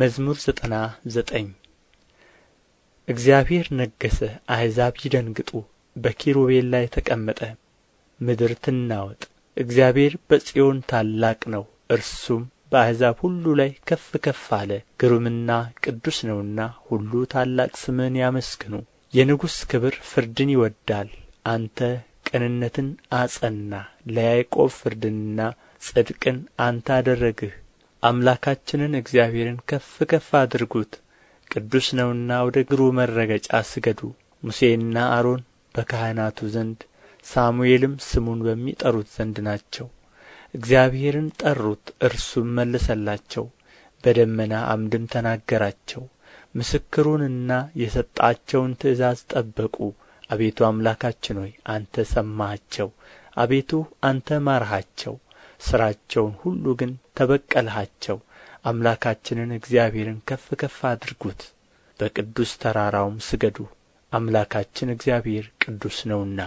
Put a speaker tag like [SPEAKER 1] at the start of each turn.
[SPEAKER 1] መዝሙር ዘጠና ዘጠኝ እግዚአብሔር ነገሠ አሕዛብ ይደንግጡ በኪሩቤል ላይ ተቀመጠ ምድር ትናወጥ እግዚአብሔር በጽዮን ታላቅ ነው እርሱም በአሕዛብ ሁሉ ላይ ከፍ ከፍ አለ ግሩምና ቅዱስ ነውና ሁሉ ታላቅ ስምህን ያመስግኑ የንጉሥ ክብር ፍርድን ይወዳል አንተ ቅንነትን አጸና ለያዕቆብ ፍርድንና ጽድቅን አንተ አደረግህ አምላካችንን እግዚአብሔርን ከፍ ከፍ አድርጉት ቅዱስ ነውና ወደ እግሩ መረገጫ ስገዱ ሙሴና አሮን በካህናቱ ዘንድ ሳሙኤልም ስሙን በሚጠሩት ዘንድ ናቸው እግዚአብሔርን ጠሩት እርሱም መለሰላቸው በደመና አምድም ተናገራቸው ምስክሩንና የሰጣቸውን ትእዛዝ ጠበቁ አቤቱ አምላካችን ሆይ አንተ ሰማሃቸው አቤቱ አንተ ማርሃቸው ሥራቸውን ሁሉ ግን ተበቀልሃቸው። አምላካችንን እግዚአብሔርን ከፍ ከፍ አድርጉት፣ በቅዱስ ተራራውም ስገዱ፣ አምላካችን እግዚአብሔር ቅዱስ ነውና።